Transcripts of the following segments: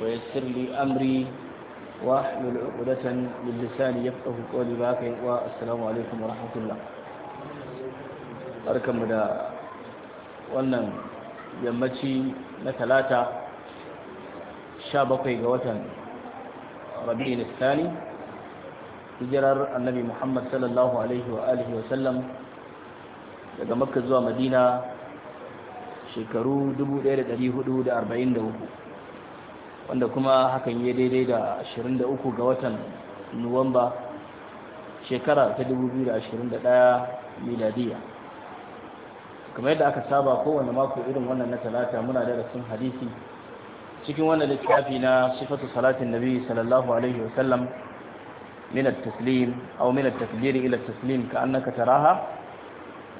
ويسر لي أمري واحلل عقدة من لساني يفقه قولي باكي والسلام عليكم ورحمة الله barkanmu da wannan yammaci na talata sha bakwai ga watan rabi'in istani hijirar annabi muhammad sallallahu alaihi daga makka zuwa madina shekaru 1443 wanda kuma hakan ya daidai da 23 ga watan nuwamba shekara ta 2021 miladiya kamar yadda aka saba kowane mako irin wannan na talata muna da darasin hadisi cikin wannan littafi na sifatu salatin nabi sallallahu alaihi wasallam min at-taslim aw min at-takbir ila at-taslim ka annaka taraha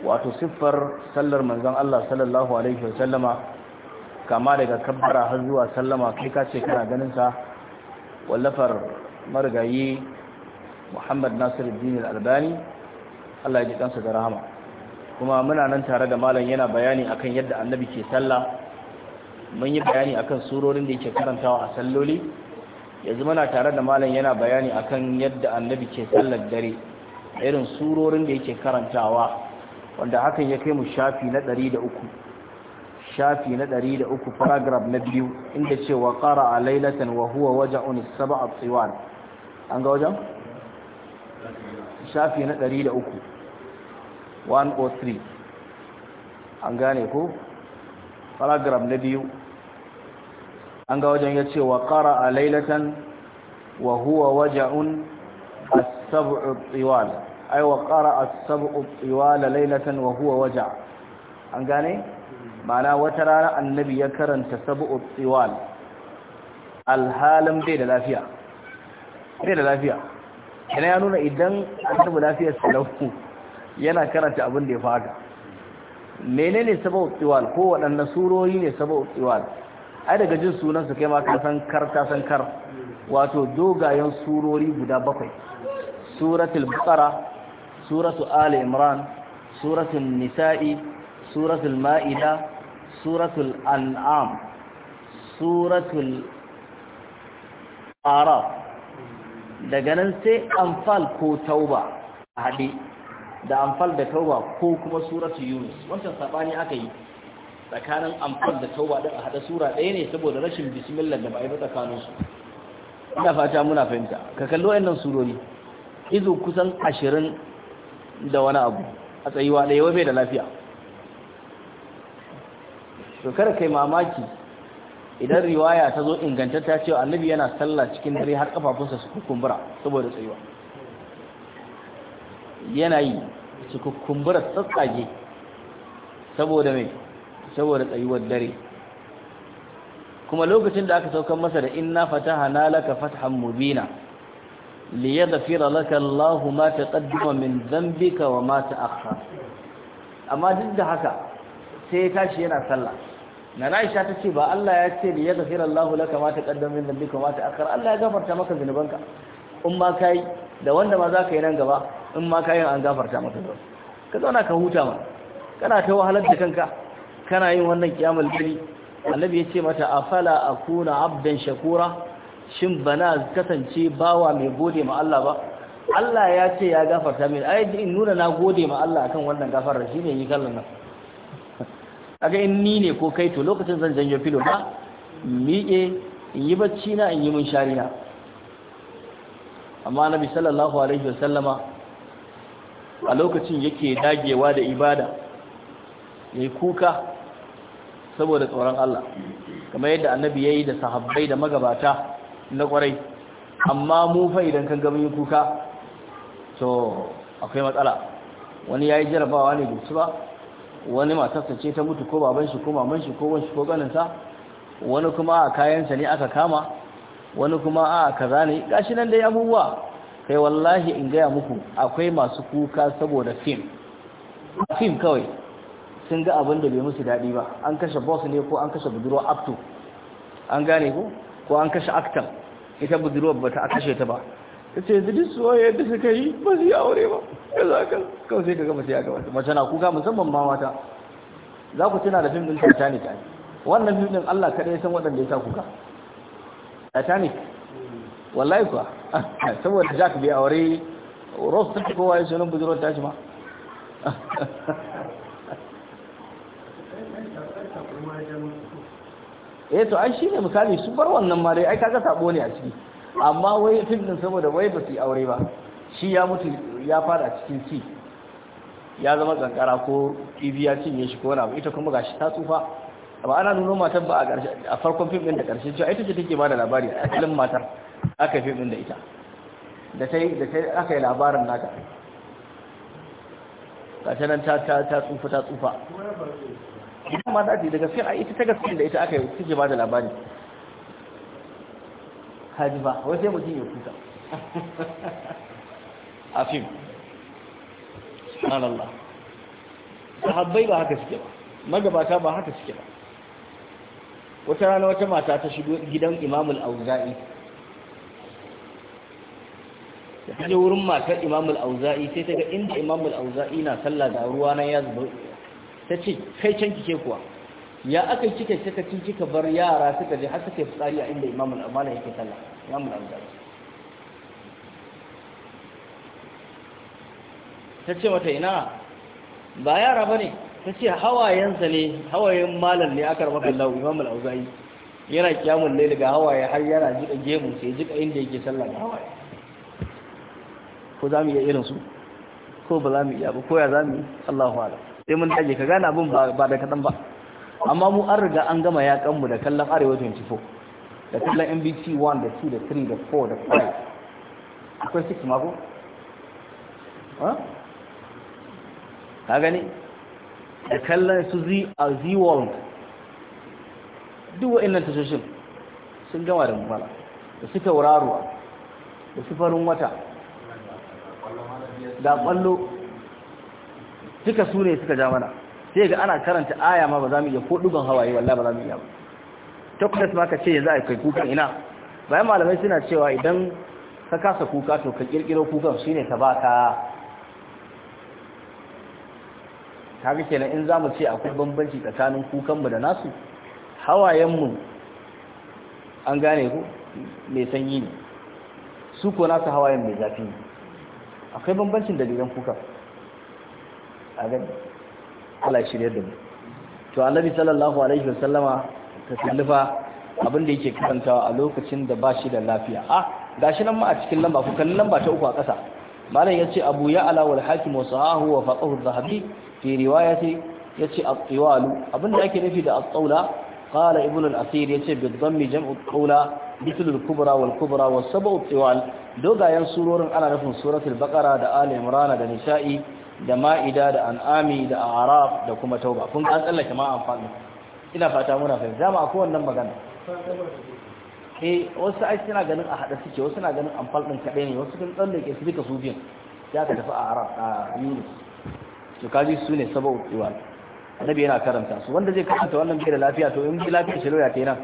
wato siffar sallar manzon Allah sallallahu alaihi wasallama kama daga kabbara har zuwa sallama kai ka ce kana ganin sa wallafar marigayi Muhammad Nasiruddin Al-Albani Allah ya ji kansa da rahama kuma muna nan tare da malam yana bayani akan yadda annabi ke sallah mun yi bayani akan surorin da yake karantawa a salloli yanzu muna tare da malam yana bayani akan yadda annabi ke sallar dare irin surorin da yake karantawa wanda hakan ya kai mu shafi na ɗari da uku. shafi na 103 paragraf na biyu inda ce wa qara'a laylatan wa huwa waja'un sab'a tiwan an ga wajen shafi na 103 103 an gane ko paragraf na biyu an ga wajen ce wa qara'a laylatan wa huwa waja'un as-sab'u tiwan ay wa a as-sab'u tiwala laylatan wa huwa waja' an gane mana wata rana annabi ya karanta sabu'ut tsiwal alhalin bai da lafiya bai da lafiya yana ya nuna idan annabi lafiyar salahu yana karanta abin da ya fada menene sabu'ut tsiwal ko waɗanne surori ne sabu'ut tsiwal ai daga jin sunansa kai ma ka san kar ta san kar wato dogayen surori guda bakwai suratul baqara suratu ali imran suratul nisa'i suratul ma'ida suratul an'am suratul araf daga nan sai amfal ko tauba a haɗe da amfal da tauba ko kuma suratul yunus wancan saɓani aka yi tsakanin amfal da tauba a haɗa sura ɗaya ne saboda rashin bismillah da ba a yi tsakaninsu ina fata muna fahimta ka kalli wayannan surori izu kusan ashirin da wani abu a tsayuwa ɗaya wai bai da lafiya to kada kai mamaki idan riwaya ta zo ingantatta cewa annabi yana sallah cikin dare har kafafunsa su kukumbura saboda tsayuwa yana yi su kukumbura tsatsage saboda mai saboda tsayuwar dare kuma lokacin da aka saukar masa da inna fatahana laka fathan mubina liyaghfira laka Allahu ma taqaddama min dhanbika wa ma ta'akhkhara amma duk da haka sai ya tashi yana sallah na Aisha ta ce ba Allah ya ce li yaghfir Allahu laka ma taqaddama min dhanbika ma ta'akhkhara Allah ya gafarta maka zunubanka in ma kai da wanda ma zaka yi nan gaba in ma kai an gafarta maka ka zauna ka huta ma kana ta wahalar da kanka kana yin wannan kiyamul kiri annabi ya ce mata afala akuna abdan shakura shin bana kasance bawa mai gode ma Allah ba Allah ya ce ya gafarta min ai in nuna na gode ma Allah akan wannan gafarar shine yi kallon nan aga in ni ne ko kai to lokacin zan janyo filo na miƙe in yi bacci na in yi mun shari'a amma nabi sallallahu alaihi wasallama a lokacin yake dagewa da ibada yayi kuka saboda tsoron Allah kamar yadda annabi ya yi da sahabbai da magabata na kwarai amma mu fa idan kan yin kuka to akwai matsala wani ya yi jarabawa ne da su ba wani matarsa ce ta mutu ko baban shi ko maman shi ko wani ko ganinsa wani kuma a kayansa ne aka kama wani kuma a kaza ne gashi nan dai abubuwa kai wallahi in gaya muku akwai masu kuka saboda fim fim kawai sun ga abin da bai musu daɗi ba an kashe boss ne ko an kashe budurwa up an gane ko ko an kashe actor ita budurwar ba ta kashe ta ba ta ce yanzu duk soyayya yadda suka yi ba su yi aure ba ya za ka kawai sai ka gama sai ya gabata mace na kuka musamman ma mata za ku tuna da fim din titanic a wannan fim din allah kaɗai ya san waɗanda ya sa kuka titanic wallahi kuwa saboda jack bai aure ross ta fi kowa ya sunan budurwar tashi ma eh to ai shine misali su bar wannan mare, ai kaga sabo ne a ciki amma wai din saboda wai ba su yi aure ba shi ya mutu ya fada cikin ci ya zama kankara ko ibi ya cinye shi ko wani abu ita kuma gashi ta tsufa amma ana nuno matan ba a farkon fim din da karshe cewa ita ce take ba da labari a filin matar aka fim din da ita da ta da aka yi labarin naka gashi nan ta ta ta tsufa ta tsufa ita ma ta ce da gaskiya ita ta gaskiya da ita aka yi take ba da labari kaji ba wai sai mutum ya kuta a fim subhanallah sahabbai ba haka suke ba magabata ba haka suke ba wata rana wata mata ta shigo gidan imamul auza'i ta je wurin matar imamul auza'i sai ta ga inda imamul auza'i na sallah da ruwa na ya zuba ta ce kai can kike kuwa ya aka kika kika ci kika bar yara suka je har suka yi fitsari a inda al amala yake sallah imam amala ta ce mata ina ba yara ba ne ta ce hawayensa ne hawayen malam ne aka rama kallahu imam al'auzayi yana kyamun laili ga hawaye har yana jiƙa gemu sai jiƙa inda yake sallah da hawaye ko za mu iya irinsu ko ba za mu iya ba ko ya za mu yi allahu ala sai mun dage ka gane abin ba da kaɗan ba amma mu an riga an gama yakan mu da kallon arewa 24 da kallon mbc 1 da 2 da 3 da 4 da 5 akwai 6 mako? ha gani da kallon su zi a uh, z-world duk wa'innan tashoshin sun gama da mala da suka wuraruwa da su farin wata da kwallo duka su ne suka ja mana sai ga ana karanta aya ma ba za mu iya ko dugan hawaye wallahi ba za mu iya ba takwas ma ka ce yanzu a kai kukan ina bayan malamai suna cewa idan ka kasa kuka to ka kirkiro kukan shine ka baka ga kenan in zamu ce akwai bambanci tsakanin kukan mu da nasu hawayen mu an gane ku mai sanyi ne su ko nasu hawayen mai zafi ne akwai bambancin dalilan kuka a gani Allah ya shirye da mu to annabi sallallahu alaihi wasallama tasallufa abin da yake karantawa a lokacin da ba shi da lafiya ah gashi nan ma a cikin lamba ku kalli lamba ta uku a ƙasa malam yace abu ya ala wal hakim wa sahahu wa faqahu dhahabi fi riwayati yace at abin da ake nufi da at-tawla qala ibn al-asir yace bi dhammi jam'u at-tawla al-kubra wal kubra wa sab'u at dogayen surorin ana nufin suratul baqara da ali imran da nisa'i da ma'ida da an'ami da araf da kuma tauba kun an tsallake ma amfani ina fata muna fahimta dama akwai wannan magana eh wasu ai suna ganin a hada suke wasu suna ganin amfal din kadai ne wasu kun tsallake su duka su biyan ya ka tafi a araf a yunus to kaji su ne sabau iwal annabi yana karanta su wanda zai karanta wannan bai da lafiya to in bai lafiya shi lauya kenan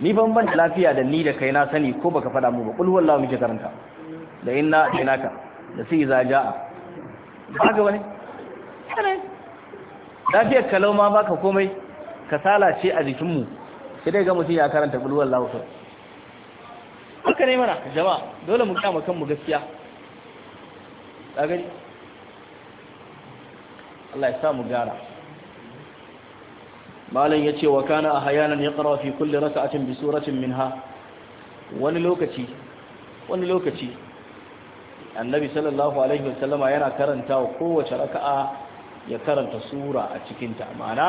ni ban ban lafiya da ni da kai na sani ko baka fada mu ba kul wallahi muke karanta da inna inaka da sai za ja'a ba ga wani yanayi lafiyar kalau ma baka komai kasala ce a jikinmu sai dai ga mutum ya karanta bulwar lawusar haka ne mana jama'a dole mu kama kanmu gaskiya gani Allah ya sa mu gara malin ya ce wa kana a hayanan ya rasa a cin bisu rashin min ha wani lokaci wani lokaci annabi sallallahu alaihi wasallama yana karanta wa kowace raka'a ya karanta sura a cikinta ma'ana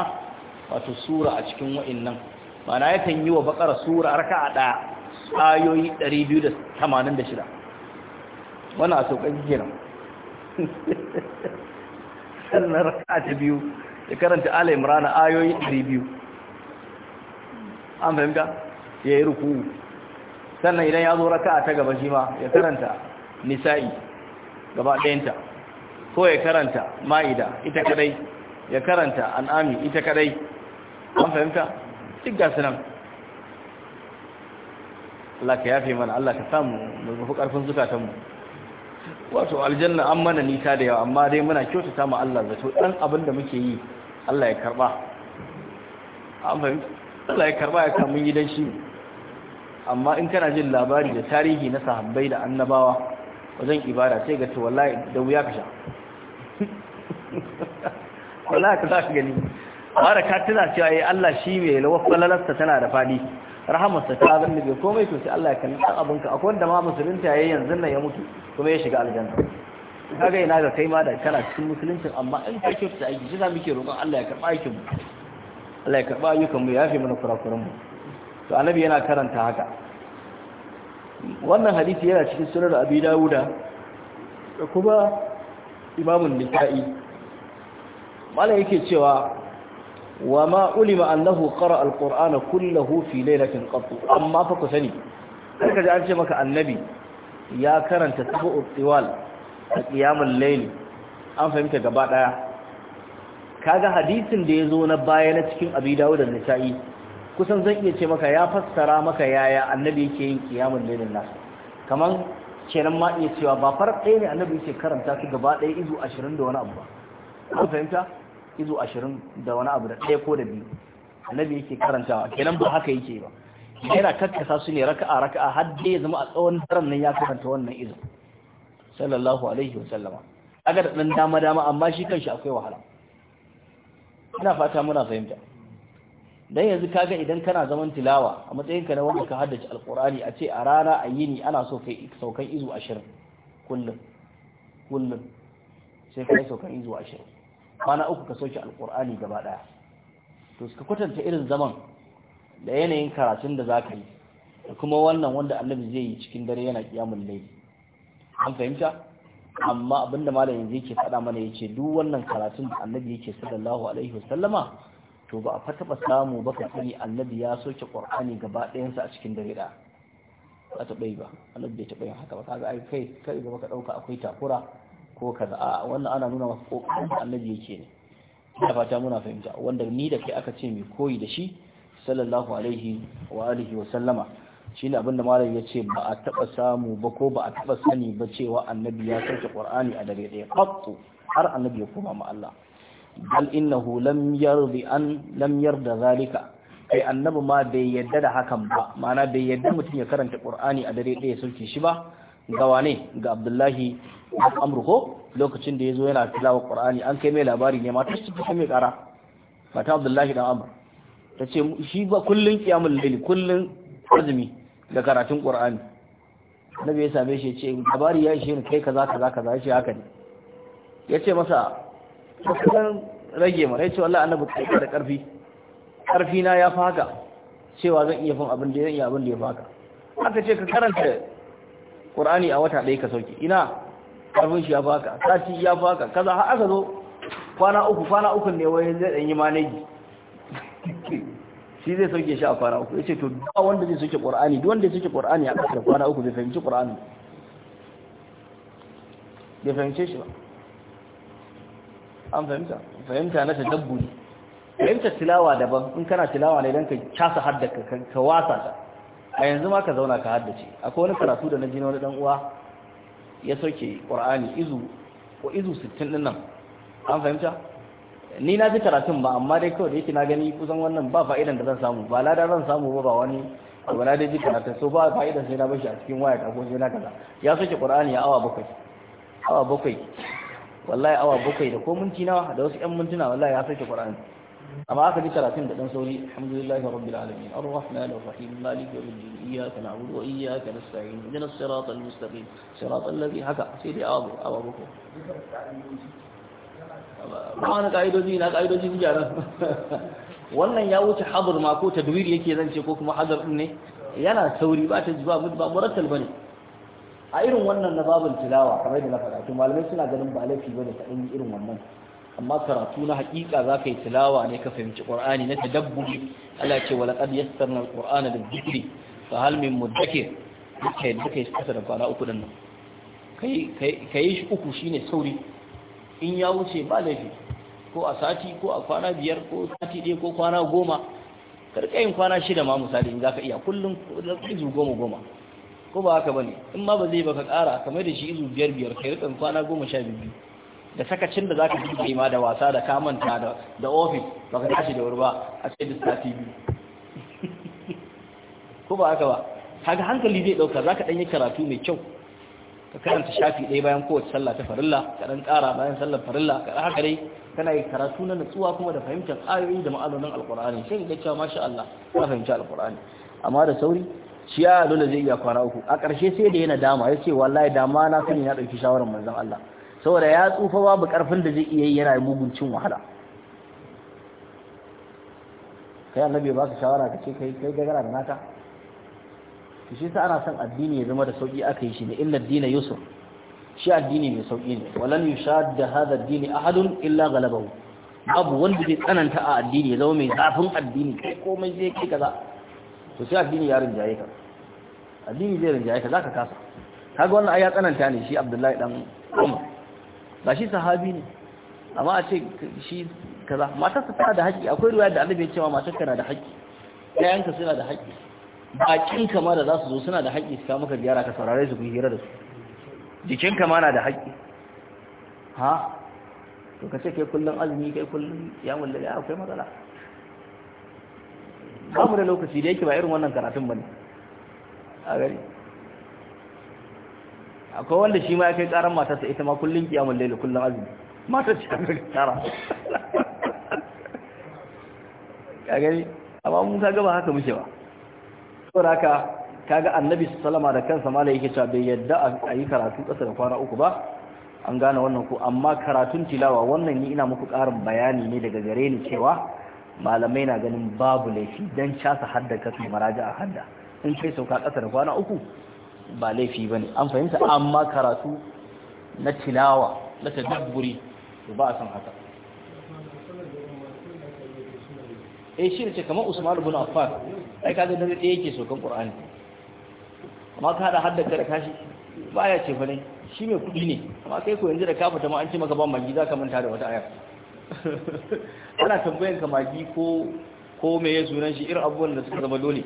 wato sura a cikin wa'annan ma'ana yakan yi wa bakara sura raka'a ɗaya ayoyi 286 wannan a sauƙaƙi kenan sannan raka'a ta biyu ya karanta ala imran ayoyi 200 an fahimta ya yi ruku sannan idan ya zo raka'a ta gaba shi ma ya karanta nisa'i gaba ɗayanta ko ya karanta ma'ida ita kadai ya karanta an'ami ita kadai an fahimta duk gasu nan Allah ka yafe mana Allah ka samu mu karfin zukatanmu wato aljanna an mana nita da yawa amma dai muna kyauta samu Allah zato dan abin da muke yi Allah ya karba an fahimta Allah ya karba ya kamun gidan shi amma in kana jin labari da tarihi na sahabbai da annabawa wajen ibada sai ga to wallahi da wuya ka sha wallahi ka za ka gani bara ka tuna cewa eh Allah shi mai lawa lalasta tana da fadi rahamarsa ta zanne bai komai to sai Allah ya kalli abun ka akwai wanda ma musulunta yayi yanzu nan ya mutu kuma ya shiga aljanna kaga ina ga kai ma da kana cikin musuluncin amma in ka kyauta aiki shi za muke roƙon Allah ya karɓa aikin mu Allah ya karɓa ayyukan mu ya yafe mana kurakuran mu to annabi yana karanta haka wannan hadisi yana cikin sunan abi dawuda da kuma imamun nika'i malam yake cewa wa ma ulima annahu qara alqur'ana kullahu fi laylatin qat amma fa ku sani ka ji an ce maka annabi ya karanta tabu'ut tiwal a qiyamul layl an fahimta gaba daya kaga hadisin da yazo na baya na cikin abi dawud da nisa'i kusan zan iya ce maka ya fassara maka yaya annabi yake yin kiyamun lailin nasu kaman kenan ma iya cewa ba farar ɗaya ne annabi yake karanta su gaba ɗaya izu 20 da wani abu ba kun fahimta izu 20 da wani abu da ɗaya ko da biyu annabi yake karantawa kenan ba haka yake ba yana kakkasa su ne raka'a raka'a har dai ya zama a tsawon daren nan ya karanta wannan izu sallallahu alaihi wa sallama aga da dan dama dama amma shi kanshi akwai wahala ina fata muna fahimta dan yanzu kaga idan kana zaman tilawa a matsayin ka na wanda ka haddace alqur'ani a ce a rana a yini ana so kai saukan izu 20 kullum kullum sai kai saukan izu 20 kwana uku ka soke alqur'ani gaba daya to suka kwatanta irin zaman da yanayin karatun da zaka yi da kuma wannan wanda annabi zai yi cikin dare yana kiyamul layli an fahimta amma abinda malamin zai faɗa mana yace duk wannan karatun da annabi yake sallallahu alaihi wasallama to ba a taɓa samu ba ka sani annabi ya soke ƙur'ani gaba ɗayansa a cikin dare ɗaya ba taɓa yi ba annabi bai taɓa yin haka ba kaga ai kai kai gaba ka ɗauka akwai takura ko kaza a wannan ana nuna maka ƙoƙarin annabi yake ne ina fata muna fahimta wanda ni da kai aka ce mai koyi da shi sallallahu alaihi wa alihi wa sallama shine abin da malam ya ce ba a taɓa samu ba ko ba a taɓa sani ba cewa annabi ya sauke ƙur'ani a dare ɗaya ƙwaƙƙo har annabi ya koma ma Allah bal innahu lam yardi an lam yarda zalika kai annabi ma bai yadda da hakan ba ma'ana bai yadda mutum ya karanta qur'ani a dare ɗaya sauke. shi ba ga wane ga abdullahi amruko lokacin da ya zo yana tilawa qur'ani an kai mai labari ne matar su ta mai kara mata abdullahi dan amru ta ce shi ba kullun kiyamul laili kullun azumi da karatun qur'ani nabi ya same shi ya ce labari ya ishe ni kai kaza kaza kaza ya haka ne ya ce masa kan rage mara ya ce wallah annabi kai da karfi karfi na ya faka cewa zan iya fin abin da zan iya abin da ya faka aka ce ka karanta qur'ani a wata ɗaya ka sauki ina karfin shi ya faka sati ya faka kaza har aka zo kwana uku kwana uku ne wai zai dan yi maneji shi zai sauke shi a kwana uku yace to duk wanda zai sauke qur'ani duk wanda zai sauke qur'ani a kasar kwana uku zai fahimci qur'ani zai fahimce shi ba an fahimta fahimta na tadabburi fahimta tilawa daban in kana tilawa ne dan ka casa haddaka ka wasa ta a yanzu ma ka zauna ka haddace akwai wani karatu da na ji wani dan uwa ya soke qur'ani izu ko izu 60 din nan an fahimta ni na ji karatun ba amma dai kawai da yake na gani kusan wannan ba fa'idan da zan samu ba lada zan samu ba ba wani abu na dai ji karatun so ba fa'idan sai na bashi a cikin waya ta ko sai na kaza ya soke qur'ani a awa bakwai awa bakwai wallahi awa bakwai da ko minti nawa da wasu ƴan mintuna wallahi ya sauke qur'ani amma aka ji karatun da dan sauri alhamdulillahi rabbil alamin arrahman arrahim malik yawmid din iyyaka na'budu wa iyyaka nasta'in ihdinas siratal mustaqim siratal ladhi haka sai dai awa awa bakwai ba wani ka'idoji na ka'idoji su gyara wannan ya wuce hadur ma ko tadwiri yake zance ko kuma hadar din ne yana sauri ba ta ji ba murattal bane a irin wannan na babin tilawa kamar yadda na faɗa to malamai suna ganin ba laifi bane ka ɗan irin wannan amma karatu na haƙiƙa za ka yi tilawa ne ka fahimci ƙur'ani na tadabburi Allah ce wala qad yassarna al-qur'ana lidh-dhikri fa hal min mudakkir kai da kai kasa da kwana uku din nan kai kai shi uku shine sauri in ya wuce ba laifi ko a sati ko a kwana biyar ko sati ɗaya ko kwana goma karkayin kwana shida ma misali in za ka iya kullum izu goma goma ko ba haka bane in ma ba zai baka ƙara kamar da shi izu biyar biyar kai rikan kwana goma sha biyu da sakacin da zaka ji ma da wasa da kamanta da da ofis baka tashi da wuri ba a ce da sati biyu ko ba haka ba haka hankali zai dauka za dan yi karatu mai kyau ka karanta shafi ɗaya bayan kowace sallah ta farilla ka ɗan ƙara bayan sallar farilla ka haka dai kana yi karatu na natsuwa kuma da fahimtar ayoyi da ma'anonin alƙur'ani, sai ga cewa masha Allah ka fahimci alkur'ani amma da sauri shi ya dole zai iya kwana uku a ƙarshe sai da yana dama ya ce wallahi dama na sani ya ɗauki shawarar manzan Allah saboda ya tsufa babu ƙarfin da zai iya yi yana mugun cin wahala kai annabi ba su shawara ka ce kai kai gagara da naka shi sa ana son addini ya zama da sauki aka yi shi ne illa addini yusuf shi addini mai sauki ne walan yushadda hadha addini ahadun illa ghalabahu babu wanda zai tsananta a addini ya zama mai zafin addini kai komai zai kai kaza to sai addini ya rinjaye ka addini zai rinjaye ka zaka kasa kaga wannan ai ya tsananta ne shi Abdullahi dan Umar ba shi sahabi ne amma a ce shi kaza matarsa tana da haƙƙi akwai ruwa da Annabi ya ce ma matarka na da haƙƙi ɗayanka suna da haƙƙi bakin kama da za su zo suna da haƙƙi su kawo maka ziyara ka saurare su ku hira da su jikin kama na da haƙƙi ha to ka ce kai kullum azumi kai kullum ya mullaga akwai matsala ba mu da lokaci da yake ba irin wannan karatun ba ne a gari akwai wanda shi ma ya kai karan matarsa ita ma kullum kiyamun laila kullum azumi matar ce kamar kara a gari amma mun kaga ba haka muke ba saboda haka kaga annabi sallama da kansa mala yake cewa bai yadda a yi karatu ƙasa da kwana uku ba an gane wannan ku. amma karatun tilawa wannan ni ina muku ƙarin bayani ne daga gare ni cewa malamai na ganin babu laifi don casa hadda kasu maraja a hadda in kai sauka ƙasa da kwana uku ba laifi ba ne an fahimta amma karatu na tilawa na tadabburi to ba a san haka E, shi ne ce kamar usman ibn affan ai kaga da ɗaya yake saukan qur'ani amma ka hada hadda kada da kashi baya ce fa ne shi mai kuɗi ne amma kai ko yanzu da kafa ta ma an ce maka ba magi za ka manta da wata ayar ana tambayan ka magi ko ko me ya sunan shi irin abubuwan da suka zama dole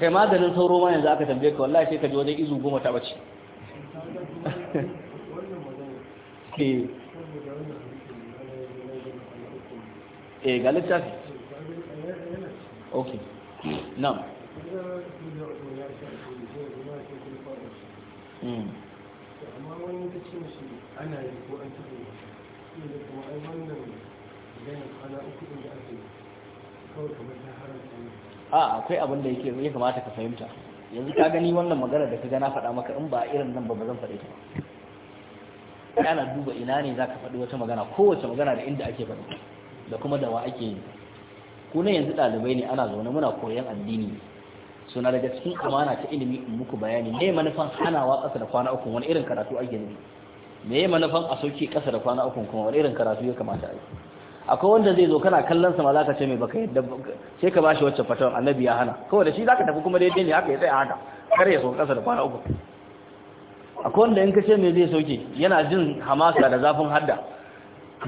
kai maganin sauro ma yanzu aka tambaye ka wallahi sai ka ji wajen izu goma ta bace eh. eh ga littafi ok na'am hmm. amma wani ta shi ana yi ko an taɓa a akwai abin da yake ya kamata ka fahimta yanzu ka gani wannan magana da ka gana faɗa maka in ba irin nan ba ba zan faɗe ta Yana duba ina ne za ka faɗi wata magana kowace magana da inda ake faɗi da kuma da wa ake yi ku ne yanzu ɗalibai ne ana zaune muna koyon addini suna daga cikin amana ta ilimi in muku bayani ne manufan hanawa ƙasa da kwana uku wani irin karatu ake nufi me ya manufan a sauke ƙasa da kwana ukun kuma wani irin karatu ya kamata a yi akwai wanda zai zo kana kallon sa ma ka ce mai baka yadda sai ka bashi wacce fatan, annabi ya hana kawai da shi ka tafi kuma daidai ne haka ya tsaya haka kar ya so kasa da kwana uku akwai wanda in ka ce mai zai sauke yana jin hamasa da zafin hadda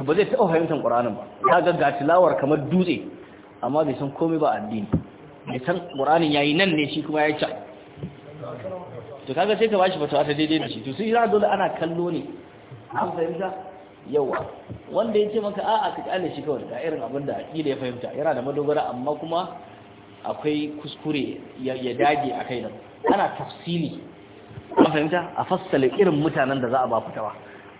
ba zai taɓa fahimtar ƙuranin ba ta ga tilawar kamar dutse amma bai san komai ba addini bai san ƙuranin ya yi nan ne shi kuma ya yi can to kaga sai ka bashi fatawa ta daidai da shi to sai za dole ana kallo ne an fahimta yawa wanda ya ce maka a'a ka kyale shi kawai da irin abin da kila ya fahimta yana da madogara amma kuma akwai kuskure ya dage a kai nan ana tafsili an fahimta a fassala irin mutanen da za a ba fatawa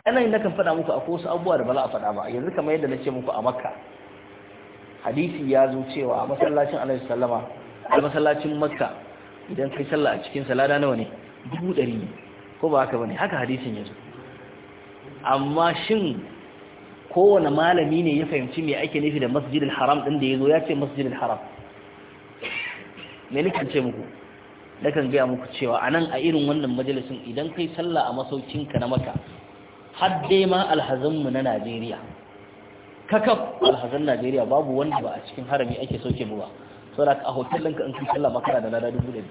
ana yin nakan faɗa muku akwai wasu abubuwa da ba za a faɗa ba yanzu kamar yadda na ce muku a makka hadisi ya zo cewa a masallacin alaihi sallama a masallacin makka idan kai sallah a cikin salada nawa ne dubu ɗari ne ko ba haka bane haka hadisin ya zo amma shin kowane malami ne ya fahimci me ake nufi da masjidil haram ɗin da ya zo ya ce masjidil haram mai nake ce muku nakan gaya muku cewa a nan a irin wannan majalisun idan kai sallah a masaukinka na maka har dai ma alhazanmu na najeriya kakaf alhazan najeriya babu wanda ba a cikin harami ake sauke mu ba saboda a hotel ɗinka in kai sallah makara da lada dubu ɗari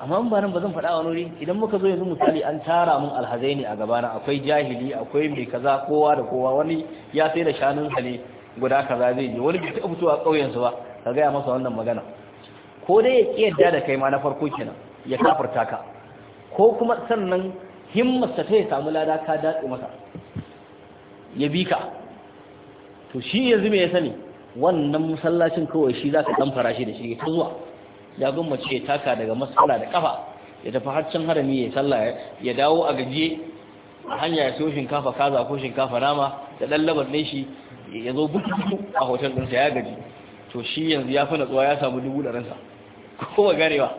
amma in ba nan ba zan faɗa wani wuri idan muka zo yanzu misali an tara mun alhazai ne a gabana akwai jahili akwai mai kaza kowa da kowa wani ya sai da shanun hale guda kaza zai je wani bai taɓa fitowa ƙauyen su ba ka gaya masa wannan magana ko dai ya ƙi yadda da kai ma na farko kenan ya kafarta ka ko kuma sannan himmarsa ta ya samu lada ka datse masa ya bi ka to shi yanzu me ya sani wannan masallacin kawai shi za ka ɗan fara shi da shi ta zuwa Ya gun mace ya taka daga masala da kafa ya tafi har harami ya sallah ya dawo a gaje a hanya ya siyo shinkafa kaza ko shinkafa nama da dan labar ne shi ya zo bukuku a hotel ɗinsa ya gaji to shi yanzu ya fi natsuwa ya samu dubu da ransa ko ba garewa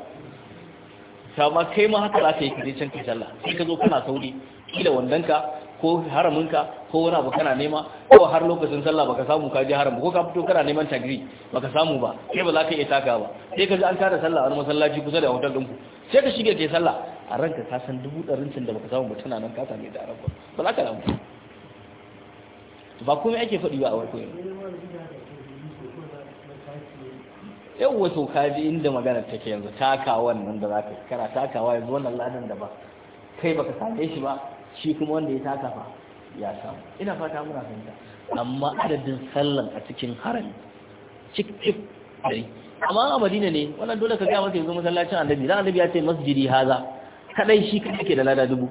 ta ma kai ma haka za ka yi kaje can kai sallah sai ka zo kana sauri kila wandanka. ko haraminka ko wani abu kana nema ko har lokacin sallah baka samu ka je haram ko ka fito kana neman tagri baka samu ba sai ba za ka iya taka ba sai ka ji an kada sallah a masallaci kusa da hotel ɗinku sai ka shige ke sallah a ranka ka san dubu ɗarin cin da baka samu ba tana nan ka same da ranka ba za ka damu ba komai ake faɗi ba a warko yau yawwa to ka ji inda maganar take yanzu taka wannan da za ka kana takawa yanzu wannan ladan da ba kai baka same shi ba shi kuma wanda ya taka fa ya samu ina fata muna fahimta amma adadin sallan a cikin harami cik cik dari amma a madina ne wannan dole ka gaya masa yanzu masallacin annabi dan annabi ya ce masjidi haza kadai shi kadai ke da lada dubu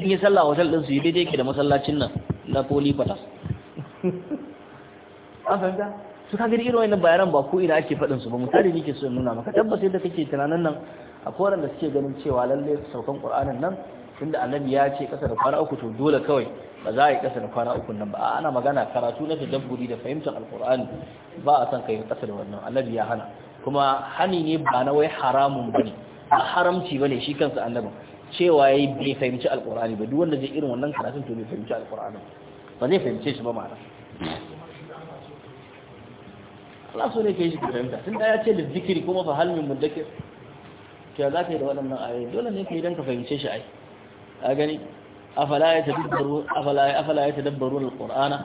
in yi sallah hotel din su yi daidai ke da masallacin nan na poli patas an fahimta su ka gani irin wannan bayaran ba ko ina ake faɗin su ba misali nake so in nuna maka tabbas yadda kake tunanin nan akwai da suke ganin cewa lalle saukan qur'anin nan tunda annabi ya ce kasa da kwana uku to dole kawai ba za a yi kasa da kwana uku nan ba a ana magana karatu na tadabburi da fahimtar alqur'ani ba a san kai kasa da wannan annabi ya hana kuma hani ne ba na wai haramun bane ba haramci bane shi kansa annabi cewa yayi bai fahimci alqur'ani ba duk wanda zai irin wannan karatun to bai fahimci alqur'ani ba zai fahimce shi ba ma'ana Allah so ne kai shi fahimta tun da ya ce da zikiri kuma fa halmin min mudakkir to za ka yi da waɗannan ayoyi dole ne ka yi don ka fahimce shi ai a gani afala ya tadabbaru afala afala ya tadabbaru alqur'ana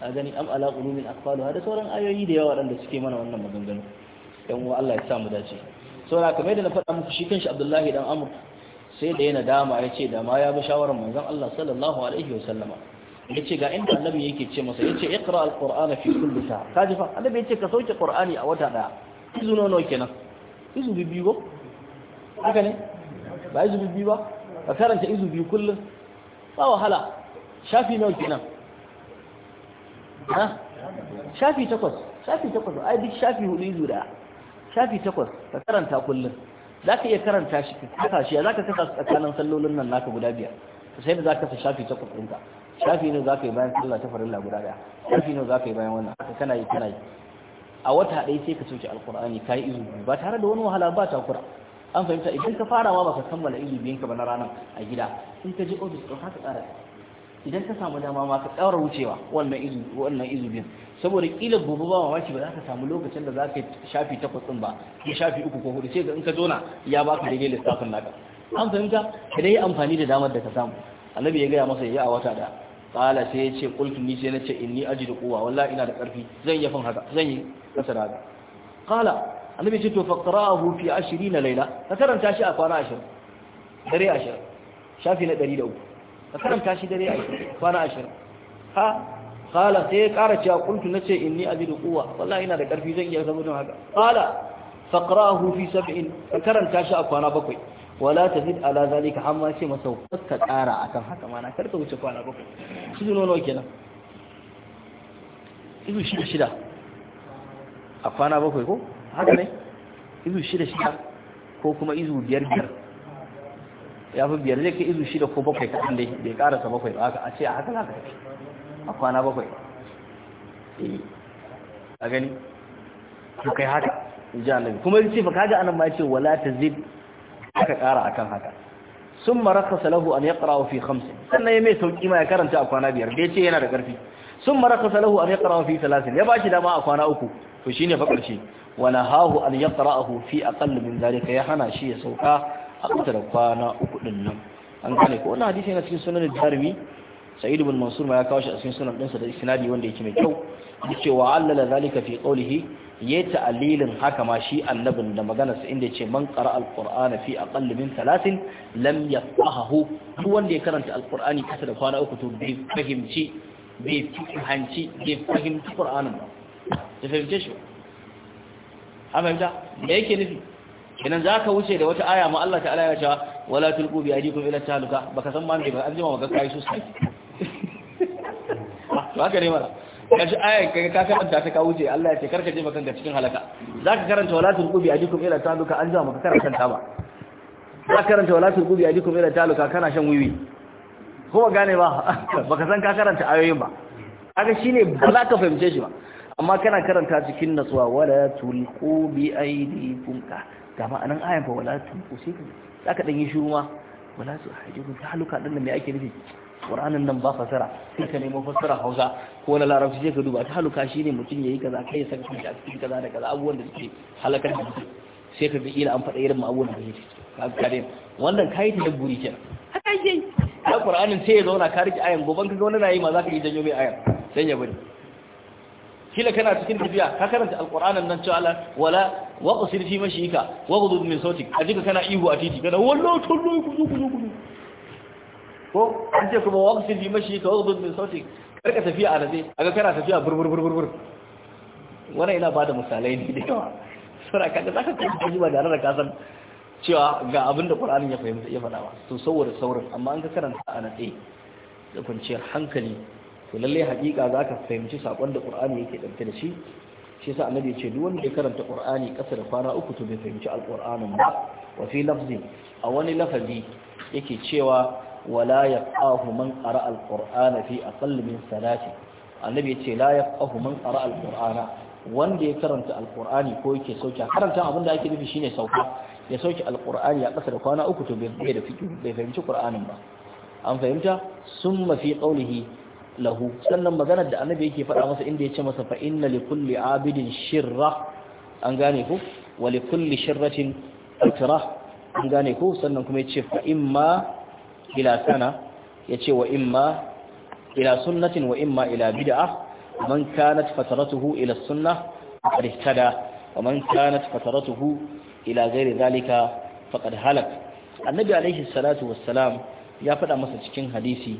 a gani am ala qulumin aqfaluha sauran ayoyi da yawa da suke mana wannan maganganu dan uwa Allah ya sa mu dace saboda kamar da na faɗa muku shi kanshi Abdullahi dan Amr sai da nadama ya ce da ya bi shawarar manzan Allah sallallahu alaihi wa sallama yace ga inda annabi yake ce masa yace iqra alqur'ana fi kulli Ka kaji fa annabi yace ka sauke qur'ani a wata daya izu nono kenan izu bibiyo haka ne ba izu bibiyo ba ka karanta izu biyu kullum ba wahala shafi nawa kenan ha shafi takwas shafi takwas ai duk shafi hudu izu da shafi takwas ka karanta kullum za ka iya karanta shi ka kasa shi za ka kasa tsakanin sallolin nan naka guda biyar to sai da za ka sa shafi takwas ɗinka shafi ne za ka yi bayan sallah ta farilla guda ɗaya shafi ne za ka yi bayan wannan haka kana yi kana yi a wata ɗaya sai ka soke alkur'ani ka yi izu ba tare da wani wahala ba takura an fahimta idan ka farawa ba ka kammala ilimin ka ba na ranar a gida in ka je ofis ɗauka ka ƙara idan ka samu dama ma ka ƙara wucewa wannan wannan ilimin saboda kila gobe ba ma ba za ka samu lokacin da za ka shafi takwas ɗin ba ya shafi uku ko hudu sai ga in ka zona ya baka daidai lissafin naka an fahimta ka dai amfani da damar da ka samu annabi ya gaya masa ya a wata da kala sai ya ce kultu ni sai na ce inni aji da kowa wallahi ina da ƙarfi zan yi fin haka zan yi kasa da haka kala annabi ce to faqra'ahu fi 20 layla ka karanta shi a kwana 20 dare 20 shafi na 103 ka karanta shi dare 20 kwana 20 ha qala sai kara cewa kuntu nace inni azidu quwwa wallahi ina da karfi zan iya zama don haka qala faqra'ahu fi 70 ka karanta shi a kwana 7 wala tazid ala zalika amma ce masa ka kara akan haka mana karka wuce kwana 7 shi nono kenan izu shi shida a kwana 7 ko haka ne izu shida shida ko kuma izu biyar biyar ya fi biyar zai kai izu shida ko bakwai kaɗan dai bai ƙarasa bakwai ba a ce a haka za ka tafi a kwana bakwai eh, a gani ka kai haka ji annabi kuma ya ce fa kaga anan ma ce wala tazid aka ƙara akan haka sun marakasa lahu an ya ƙara fi hamsin sannan ya mai sauƙi ma ya karanta a kwana biyar da ya ce yana da ƙarfi sun marakasa lahu an ya ƙara fi salasin. ya ba shi dama a kwana uku to shi ne fa shi. ونهاه أن يقرأه في أقل من ذلك يحنى شيء سوكا أقتل قانا أقلنا an gane ko wannan hadisi yana cikin sunan jarumi sa'id ibn mansur ma ya kawo shi a cikin sunan dinsa da isnadi wanda yake mai kyau yace wa allala zalika fi kaulihi? ya ta'lilin haka ma shi annabin da magana sa inda ce man qara alqur'ana fi aqall min thalathin lam yafqahu duk wanda ya karanta alqur'ani kasa da kwana uku to bai fahimci bai fahimci bai fahimci qur'anin ba ya amanta me yake nufi idan ka wuce da wata aya ma Allah ta'ala ya ce wala tulqu bi aydikum ila taluka baka san ma ba an jima maka kai su sai ba ah, ka ne mara kashi aya kai ka karanta ta ka wuce Allah ya ce karka je makan ga cikin halaka ka karanta wala tulqu bi aydikum ila taluka an jima maka karanta ba Za ka karanta wala tulqu bi aydikum ila taluka kana shan wiwi kuma gane ba baka san ka karanta ayoyin ba kaga shine ba za ka fahimce shi ba amma kana karanta cikin nasuwa wala tulqu bi aydikum ka ga anan ayan fa wala tulqu shi ka zaka dan yi shiru ma wala su hajjun ta haluka din me ake nufi Qur'anin nan ba fasara sai ka nemo fasara Hausa ko na Larabci sai ka duba ta haluka ne mutum yayi kaza kai ya saka kanka a cikin kaza da kaza abubuwan da suke halakar da mutum sai ka ga ila an faɗa irin ma'abun da yake ka ga dai wannan kai ta dabburi kenan haka yake Qur'anin sai ya zauna ka rike ayan goban ka ga wani nayi ma ka yi janyo mai ayan dan ya bari kila kana cikin tafiya ka karanta Alqur'an nan cewa Allah wala waqsir fi mashika waghdud min sautik ajika kana ihu a titi kana wallo tullu kuzu kuzu kuzu ko an ce kuma waqsir fi mashika waghdud min sautik karka tafiya a nade aga kana tafiya burbur burbur burbur wannan ina bada misalai ne da yawa sura kaga zaka kai ba da ka san cewa ga abinda qur'ani ya fahimta ya fada ba to saboda saurin amma an ka karanta a nade da kwanciyar hankali to lalle hakika zaka fahimci sakon da Qur'ani yake dauke da shi shi yasa annabi ya duk wanda ya karanta Qur'ani kasa da kwana uku to bai fahimci alqur'anin ba wa fi lafzi a wani lafazi yake cewa wala yaqahu man qara alqur'ana fi aqall min salati annabi yace ce la yaqahu man qara alqur'ana wanda ya karanta alqur'ani ko yake sauka karanta abin da ake nufi shine sauka ya sauki alqur'ani a kasa da kwana uku to bai bai fahimci qur'anin ba an fahimta summa fi qawlihi lahu sannan maganar da annabi yake faɗa masa inda ya ce masa fa inna li kulli abidin shirra an gane ku wa li kulli shirratin fitra an gane ku sannan kuma yace fa imma ila sana yace wa imma ila sunnatin wa imma ila bid'ah man kanat fataratuhu ila sunnah faqad ihtada wa man kanat fataratuhu ila ghairi dhalika faqad halak annabi alaihi salatu wassalam ya faɗa masa cikin hadisi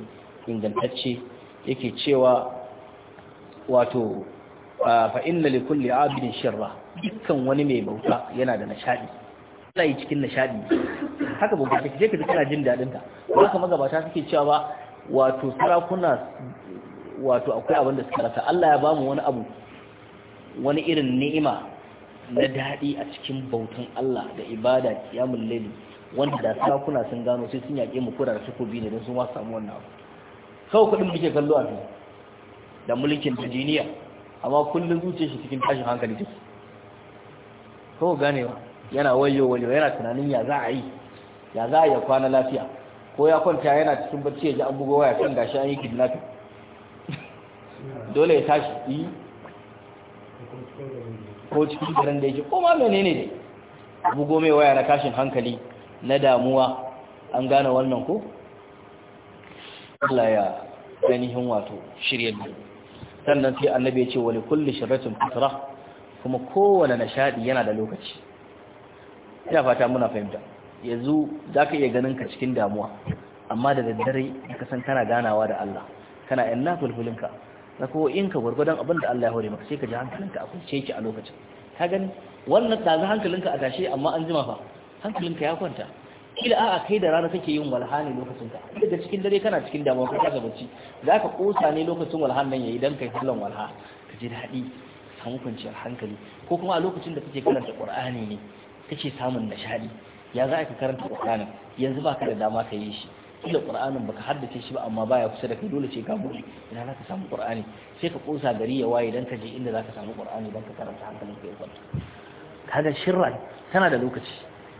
ingantacce yake cewa wato fa inna li kulli shirra dukkan wani mai bauta yana da nishadi Allah yi cikin nishadi haka ba take je ka ji kana jin dadin ta haka magabata suke cewa ba wato sarakuna wato akwai abin da suka rasa Allah ya bamu wani abu wani irin ni'ima na daɗi a cikin bautan Allah da ibada kiyamul layli wanda da sarakuna sun gano sai sun yaƙe mu kura da bi ne don sun ma samu wannan abu kawai kudin muke kallo a fili da mulkin duniya amma kullum zuciya shi cikin tashin hankali take kawai ganewa yana wayo wayo yana tunanin ya za a yi ya za a yi kwana lafiya ko ya kwanta yana cikin bacci ya ji an bugo waya kan gashi an yi kidnapping dole ya tashi yi ko cikin garin da yake koma menene ne bugo mai waya na tashin hankali na damuwa an gane wannan ko Allah ya ainihin wato shirya da sannan sai annabi ya ce wa likulli shirratin fitra kuma kowane nishadi yana da lokaci ina fata muna fahimta yanzu zaka iya ganin ka cikin damuwa amma da daddare ka san kana ganawa da Allah kana inna fulfulinka na ko in ka gurgudan abin da Allah ya hore maka sai ka ji hankalinka a kunce ki a lokacin ka gani wannan tazi hankalinka a tashi amma an jima fa hankalinka ya kwanta kila a kai da rana kake yin walha ne lokacin ka daga cikin dare kana cikin damuwa ka kasa bacci za ka kosa ne lokacin walhan nan yayi dan kai kallon walha ka ji daɗi samu kwanciyar hankali ko kuma a lokacin da kake karanta qur'ani ne kake samun nishadi ya za ka karanta qur'ani yanzu baka da dama ka yi shi kila qur'anin baka haddace shi ba amma baya kusa da kai dole ce ka buɗe ina za ka samu qur'ani sai ka kosa gari ya waye dan ka je inda za ka samu qur'ani dan ka karanta hankalin ka ya kwanta kaga shirra tana da lokaci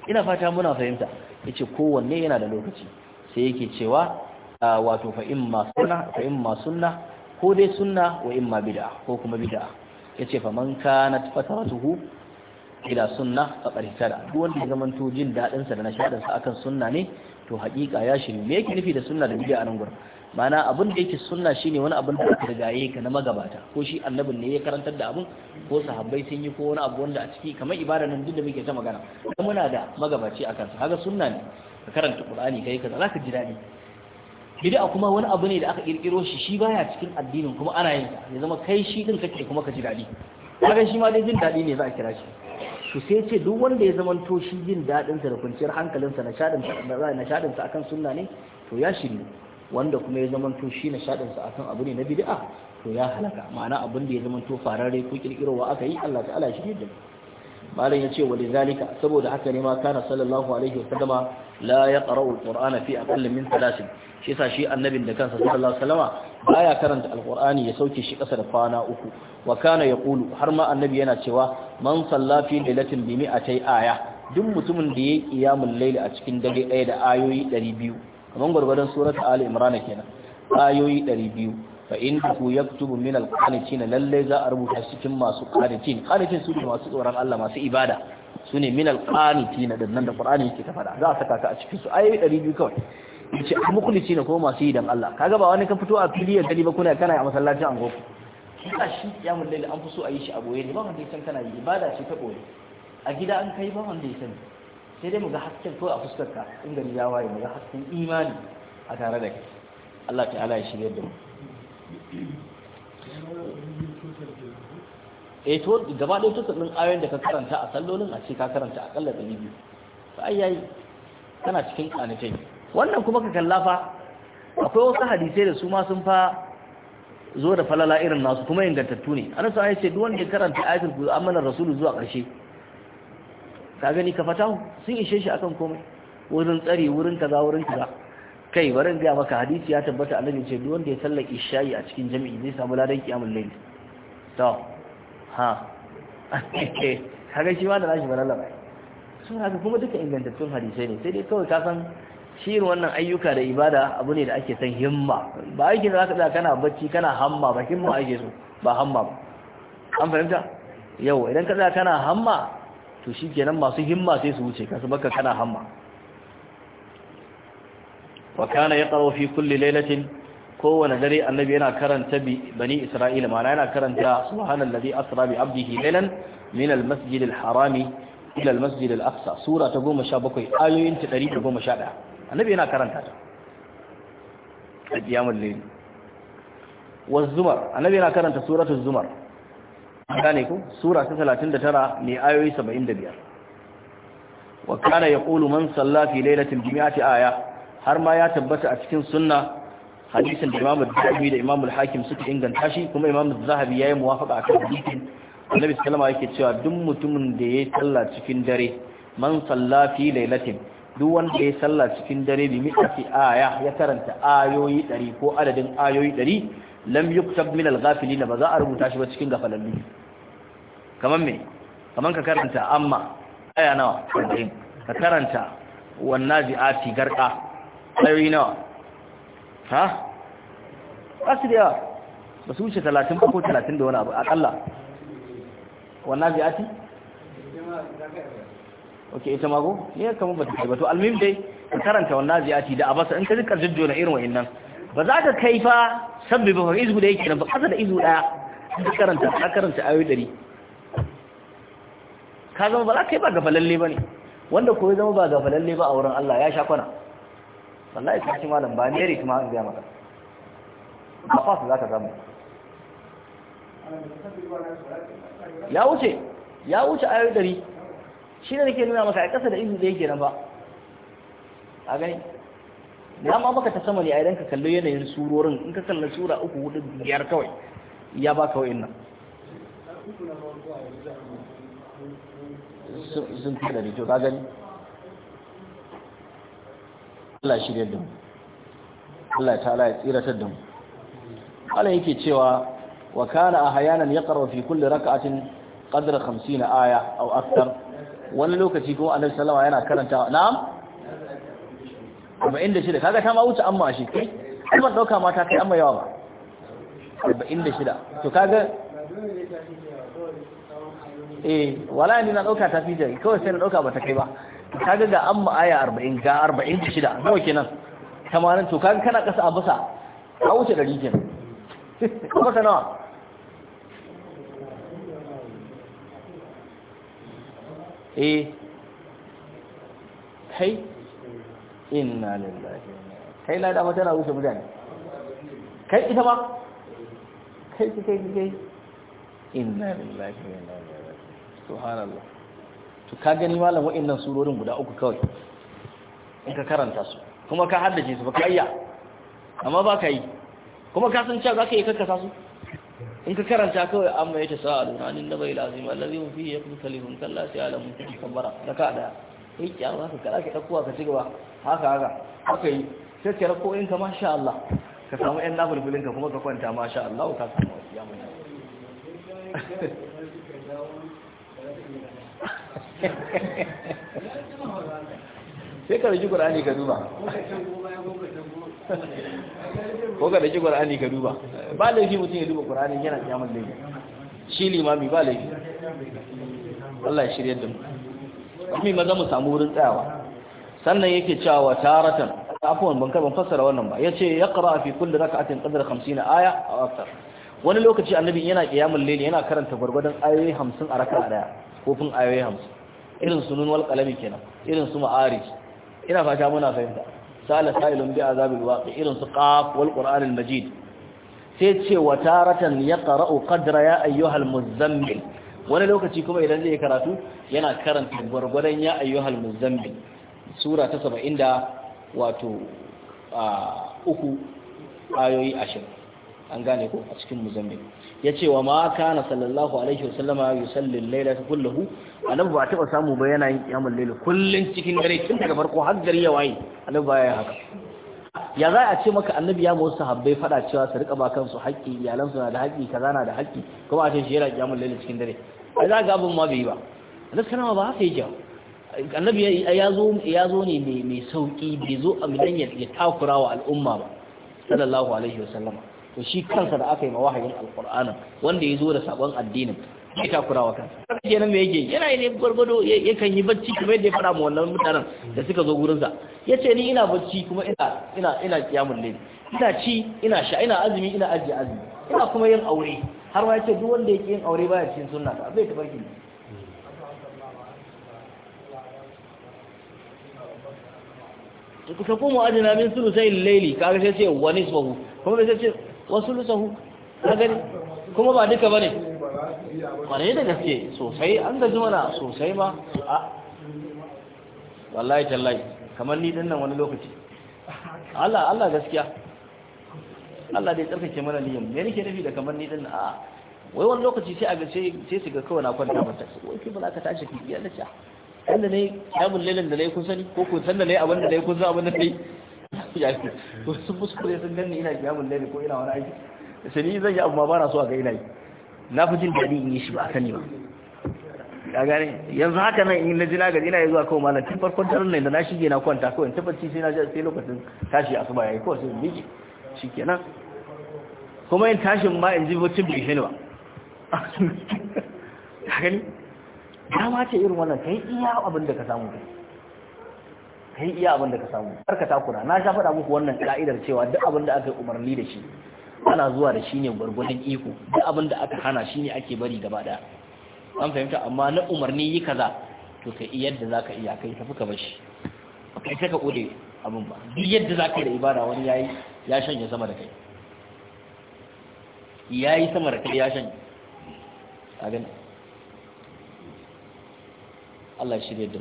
ina fata muna fahimta yace kowanne yana da lokaci sai yake cewa wato fa ma sunna fa ma sunna ko dai sunna wa ma bid'a ko kuma bid'a yace fa man kana fataratuhu ila sunna faqad ihtada duk wanda ya zamanto jin dadin sa da nashadin sa akan sunna ne to haƙiƙa ya shiri me yake nufi da sunna da bid'a nan gurbin mana abin da yake sunna shine wani abin da aka rigaye ka na magabata ko shi annabin ne ya karantar da abin ko sahabbai sun yi ko wani abu wanda a ciki kamar ibada nan duk da muke ta magana kuma muna da magabaci akan sa haka sunna ne ka karanta qur'ani kai kaza zaka ji dadi bid'a kuma wani abu ne da aka kirkiro shi shi baya cikin addinin kuma ana yin ya zama kai shi din kake kuma ka ji dadi kaga shi ma dai jin dadi ne za a kira shi to sai ce duk wanda ya zama to shi jin dadin sa da kwanciyar hankalinsa na shadin sa na shadin sa akan sunna ne to ya shirye wanda kuma ya zamanto shi sa akan abu ne na bid'a to ya halaka ma'ana abin da ya zamanto fararre ko kirkirowa aka yi Allah ta'ala shi ne malam ya ce wali zalika saboda haka ne ma kana sallallahu alaihi wa sallama la yaqra'u alqur'ana fi aqall min thalathin shi yasa shi annabin da kansa sallallahu alaihi wasallama baya karanta alqur'ani ya sauke shi kasa da kwana uku wa kana yaqulu har ma annabi yana cewa man salla fi lailatin bi mi'atay aya duk mutumin da yayi qiyamul layl a cikin dare ɗaya da ayoyi 200 kaman gurgurdan surat ali imran kenan ayoyi 200 fa in ku ya yaktubu min na lallai za a rubuta cikin masu qanitin qanitin su ne masu tsoron Allah masu ibada su ne min alqanitin da nan da qur'ani yake ta faɗa. za a saka ka a cikin su ayoyi 200 kawai yace mukhlisin ko masu yi don Allah Ka gaba wani ka fito a fili gani ba kuna kana a masallacin ango kina shi ya mun lalle an fi so a yi shi a boye ne ba wanda ya san kana yi ibada ce ta boye a gida an kai ba wanda ya sani sai dai mu ga hasken kawai a fuskarka in gari ya waye mu ga hasken imani a tare da kai Allah ta'ala ya shirye da mu eh to gaba da tutar din ayoyin da ka karanta a sallolin a ce ka karanta akalla ɗari biyu to ai yayi kana cikin kanitai wannan kuma ka kallafa akwai wasu hadisai da su ma sun fa zo da falala irin nasu kuma ingantattu ne annabi sai ya ce duk wanda ya karanta ayatul kur'ani amanar rasulullahi zuwa ƙarshe ka gani ka fata sun ishe shi akan komai wurin tsari wurin kaza wurin kaza kai barin ga maka hadisi ya tabbata annabi ce duk wanda ya sallaki shayi a cikin jami'i zai samu ladan kiyamul layl to ha kaga shi ma da nashi balalla bai sun haka kuma duka ingantattun hadisai ne sai dai kawai ka san shirin wannan ayyuka da ibada abu ne da ake san himma ba aiki da zaka tsaya kana bacci kana hamma ba himma ake so ba hamma ba an fahimta yau idan ka kana hamma to shi kenan masu himma sai su wuce kasu baka kana hamma wa kana ya ƙaro fi kulle lailatin kowane dare annabi yana karanta bani isra'ila mana yana karanta subhanallazi asra bi abdihi lailan min almasjid alharami ila almasjid alaqsa sura ta goma sha bakwai. ayoyin ta ɗari goma sha ɗaya. annabi yana karanta ta a qiyamul layl wa zumar annabi yana karanta suratul zumar gane ku sura ta 39 mai ayoyi 75 wa kana yaqulu man salla fi lailatin bi mi'ati aya har ma ya tabbata a cikin sunna hadisin da Imam Bukhari da Imam Al-Hakim suka inganta shi kuma Imam Zahabi yayi muwafaqa akan hadisin Annabi sallallahu alaihi yake cewa duk mutumin da yayi sallah cikin dare man salla fi lailatin duk wanda yayi sallah cikin dare bi mi'ati aya ya karanta ayoyi 100 ko adadin ayoyi 100 lam yuktab min al-ghafilin ba za a rubuta shi ba cikin gafalallu kaman me kaman ka karanta amma aya nawa arba'in ka karanta wan nazi'ati garqa ayoyi nawa ha asiri yawa ba su wuce 30 ko 30 da wani abu akalla wan nazi'ati ok ita mago ne eh, kaman ba ta kai ba to almin dai ka karanta wan nazi'ati da abasa in ka rika jujjona irin wa'innan. ba za ka kai fa sabbi ba izu da yake nan ba kasa da izu ɗaya. ka karanta ka karanta ayoyi dari ka zama ba za ka yi ba gafalalle ba ne wanda kuwa zama ba gafalalle ba a wurin Allah ya sha kwana wallahi ka ci malam ba ne kuma an biya maka ba fa za ka zama ya wuce ya wuce ayoyi dari shi ne nake nuna maka a kasa da izu da yake nan ba a gani da ma baka ta sama ne a idan ka kalli yanayin surorin in ka kalli sura uku hudu biyar kawai ya ba kawai nan sun fi da rito ka gani Allah shi da mu Allah ta ta'ala ya tsiratar da mu Allah yake cewa wa kana ahyanan yaqra fi kulli rak'atin qadra 50 aya aw akthar wani lokaci ko annabi sallallahu alaihi wasallam yana karanta na'am arba'in da shida kaga ta ma wuce amma shi kai kuma ɗauka ma ta kai amma yawa ba arba'in da shida to kaga eh wala ni na ɗauka ta fi jari kawai sai na ɗauka ba ta kai ba kaga ga amma aya arba'in ga arba'in da shida nawa kenan tamanin to kaga kana ƙasa a basa a wuce ɗari kenan kuma ta nawa eh kai inna lillahi kai lada ba tana wuce mutane kai ita ba kai ki kai kai inna lillahi wa inna ilaihi raji'un subhanallah to ka gani malam wa'annan surorin guda uku kawai in ka karanta su kuma ka haddace su ba ka ya. amma ba ka yi kuma ka san cewa za ka yi karkasa su in ka karanta kawai amma ya ta sa'adu na nin da bai lazima allazi mun fi yakun kalihun kallasi alamun kabbara da ka daya kai kyawa ka kada ka ɗauko ka ci haka haka haka yi sai ka rako in ka masha Allah ka samu ƴan nafulfulin kuma ka kwanta masha Allah ka samu ya mun sai ka rage Qur'ani ka duba ko ka rage Qur'ani ka duba ba laifi mutum ya duba Qur'ani yana kyamun laifi shi limami ba laifi Allah ya shirye da mu ma za mu samu wurin tsayawa sannan yake cewa taratan afwan ban kai ban fassara wannan ba yace yaqra fi kulli rak'atin qadra 50 aya aw akthar wani lokaci annabi yana qiyamul layl yana karanta gurgurdan ayoyi 50 a raka'a daya kofin ayoyi 50 irin sunun wal qalami kenan irin su ma'arij ina fata muna fahimta sala sa'ilun bi azabil waqi irin su qaf wal qur'anil majid sai ce wa taratan yaqra'u qadra ya ayyuhal muzammil wani lokaci kuma idan zai karatu yana karanta gwargwadon ya ayyuhal muzammil sura ta saba'in da wato uku ayoyi ashirin an gane ko a cikin muzambi. ya ce wa ma na sallallahu alaihi wasallama sallin, laila ta kullahu nan ba taɓa samu ba yana yin laila kullum cikin dare tun daga farko har gari ya waye annabi ba ya haka ya za a ce maka annabi ya musu sahabbai fada cewa su rika ba kansu haƙƙi iyalansu na da haƙƙi kaza na da haƙƙi kuma a ce shi yana kiyamul lalle cikin dare A za ga abin ma bai ba na kana ba haka yake annabi ya zo ya zo ne mai mai sauki bai zo a midan ya takura wa al'umma ba sallallahu alaihi wasallama to shi kansa da aka yi ma wahayin wanda ya zo da sabon addinin ya takura wa kansa haka nan me yake yana ne gwargwado yakan yi bacci kuma yadda ya fara mu wannan mutanen da suka zo gurinsa ya ce ni ina bacci kuma ina ina ina kiyamul laili ina ci ina sha ina azumi ina ajiye azumi ina kuma yin aure har ma yace duk wanda yake yin aure baya cikin sunna ta bai tabarki ku tafi mu ajina min sulusai laili kaga sai ce wa nisbahu kuma sai ce wa sulusahu kaga kuma ba duka bane kwarai da gaske sosai an gaji mana sosai ma a wallahi tallahi kamar ni dinnan wani lokaci Allah Allah gaskiya Allah dai tsarkake mana niyyar me nake nufi da kamar ni dinnan a wai wani lokaci sai a ga sai sai su ga kawai na kwanta mata wai ke ba ka tashi ki ya lacha wanda ne yamun lailan da nayi kun sani ko kun san da nayi abin da nayi kun san abin da nayi ya to sun fuskure sun ganni ina yamun lailin ko ina wani aiki sai ni zan yi abu ma ba na so a ga ina yi na fi jin daɗi in yi shi ba a sani ba a gane yanzu haka nan in na ji nagari ina zuwa kawo malam tun farkon daren nan da na shige na kwanta kawai in tabbaci sai na ji sai lokacin tashi a asuba yayi kawai sai in miƙe nan. kuma in tashin ma in ji bacci bai shi ba ka gani dama ce irin wannan kai iya abin da ka samu kai iya abin da ka samu kar ka takura na sha faɗa muku wannan ka'idar cewa duk abin da aka yi umarni da shi ana zuwa da shi ne gwargwadon iko duk abin da aka hana shi ne ake bari gaba da an fahimta amma na umarni yi kaza to ka iya yadda za ka iya kai tafi ka bashi kai ta ka kode abin ba duk yadda za ka yi da ibada wani yayi ya shanya sama da kai ya yi sama da kai ya shanya a gani Allah shirya da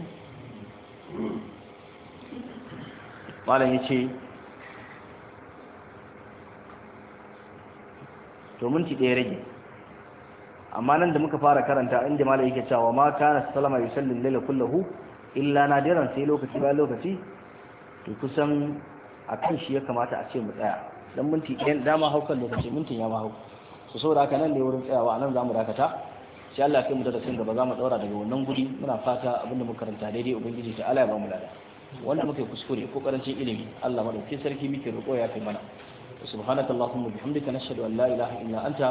mu malam ya ce to minti ɗaya rage amma nan da muka fara karanta inda malai yake cewa ma kana sallama yusallin laila kullahu illa nadiran sai lokaci bayan lokaci to kusan a kan shi ya kamata a ce mu tsaya dan minti ɗaya dama haukan lokaci minti ya ma hau so saboda haka nan ne wurin tsayawa anan zamu dakata sai Allah kai mu da sun gaba zamu daura daga wannan guri muna fata abinda muka karanta daidai ubangiji ta Allah ya ba mu lada wanda muke kuskure ko karancin ilimi Allah madaukakin sarki muke roƙo ya kai mana subhanaka allahumma bihamdika nashhadu an la ilaha illa anta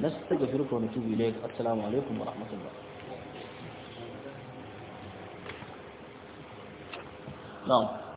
nastaghfiruka wa natubu ilayk assalamu alaikum wa rahmatullah